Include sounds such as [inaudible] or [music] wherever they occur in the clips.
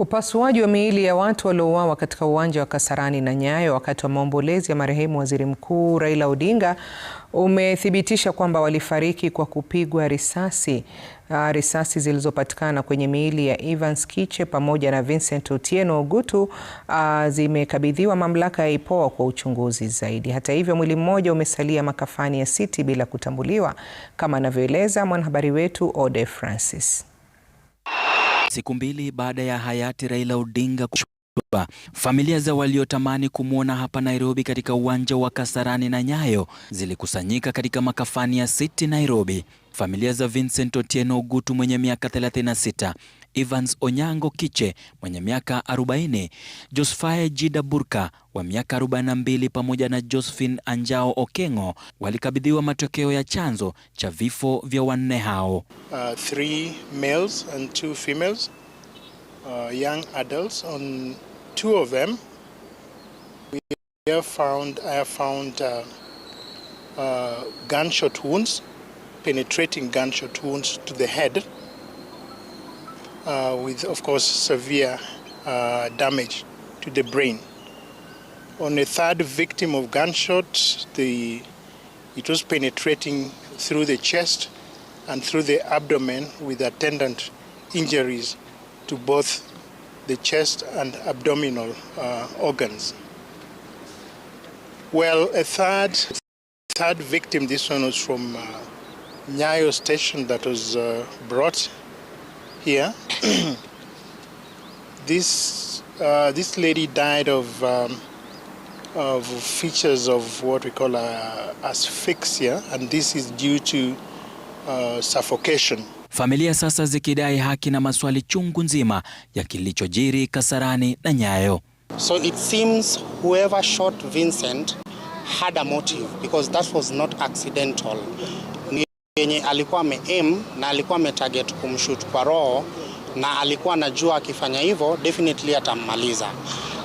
Upasuaji wa miili ya watu waliouawa katika uwanja wa Kasarani na Nyayo wakati wa maombolezi ya marehemu Waziri Mkuu Raila Odinga umethibitisha kwamba walifariki kwa kupigwa risasi. Uh, risasi zilizopatikana kwenye miili ya Evans Kiche pamoja na Vincent Otieno Ogutu uh, zimekabidhiwa mamlaka ya IPOA kwa uchunguzi zaidi. Hata hivyo, mwili mmoja umesalia makafani ya City bila kutambuliwa, kama anavyoeleza mwanahabari wetu Ode Francis siku mbili baada ya hayati Raila Odinga Zanzibar. Familia za waliotamani kumwona hapa Nairobi katika uwanja wa Kasarani na Nyayo zilikusanyika katika makafani ya City Nairobi. Familia za Vincent Otieno Ogutu mwenye miaka 36, Evans Onyango Kiche mwenye miaka 40, Josfae Jida Burka wa miaka 42 pamoja na Josephine Anjao Okengo walikabidhiwa matokeo ya chanzo cha vifo vya wanne hao. Uh, three males and two females. uh, young adults. On two of them, we have found, I have found uh, uh, gunshot wounds, penetrating gunshot wounds to the head, uh, with, of course, severe uh, damage to the brain. On a third victim of gunshot, the, it was penetrating through the chest and through the abdomen with attendant injuries to both the chest and abdominal uh, organs. Well, a third, third victim, this one was from uh, Nyayo station that was uh, brought here. [clears throat] this, uh, this lady died of, um, of features of what we call uh, asphyxia, and this is due to uh, suffocation. familia sasa zikidai haki na maswali chungu nzima ya kilichojiri Kasarani na Nyayo. So it seems whoever shot Vincent had a motive because that was not accidental. Ni yenye alikuwa ame aim na alikuwa ame target kumshoot kwa roho na alikuwa anajua akifanya hivyo definitely atammaliza.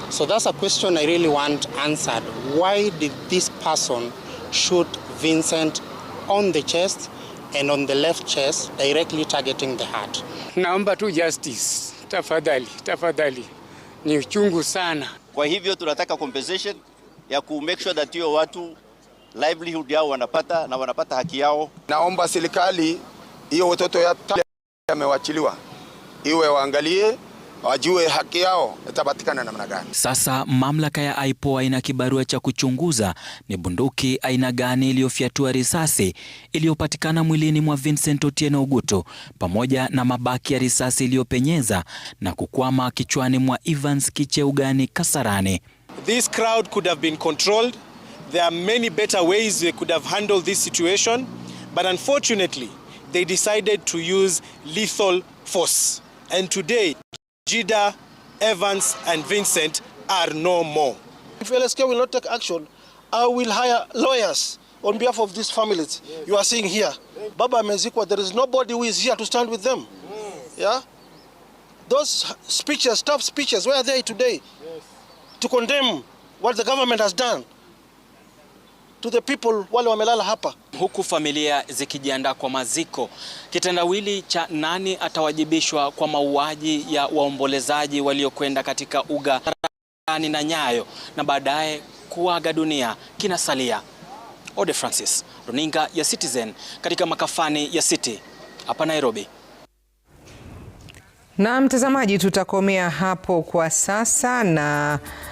So that's a question I really want answered. Why did this person shoot Vincent on the chest and on the left chest directly targeting the heart. Naomba tu justice, tafadhali, tafadhali. Ni uchungu sana. Kwa hivyo tunataka compensation ya ku make sure that hiyo watu livelihood yao wanapata na wanapata haki yao. Naomba serikali hiyo watoto yamewachiliwa iwe waangalie wajue haki yao itapatikana namna gani. Sasa mamlaka ya IPOA ina kibarua cha kuchunguza ni bunduki aina gani iliyofyatua risasi iliyopatikana mwilini mwa Vincent Otieno Ogutu pamoja na mabaki ya risasi iliyopenyeza na kukwama kichwani mwa Evans Kicheugani Kasarani. This crowd could have been controlled. There are many better ways they could have handled this situation, but unfortunately, they decided to use lethal force. And today, Jida, Evans and Vincent are no more. If LSK will not take action, I will hire lawyers on behalf of these families yes. you are seeing here. Baba Mezikwa, there is nobody who is here to stand with them. Yes. Yeah? Those speeches, tough speeches, where are they today? Yes. To condemn what the government has done to the people wale wamelala hapa huku familia zikijiandaa kwa maziko. Kitendawili cha nani atawajibishwa kwa mauaji ya waombolezaji waliokwenda katika uga rani na Nyayo na baadaye kuaga dunia kinasalia. Ode Francis, runinga ya Citizen katika makafani ya City hapa Nairobi. Na mtazamaji, tutakomea hapo kwa sasa na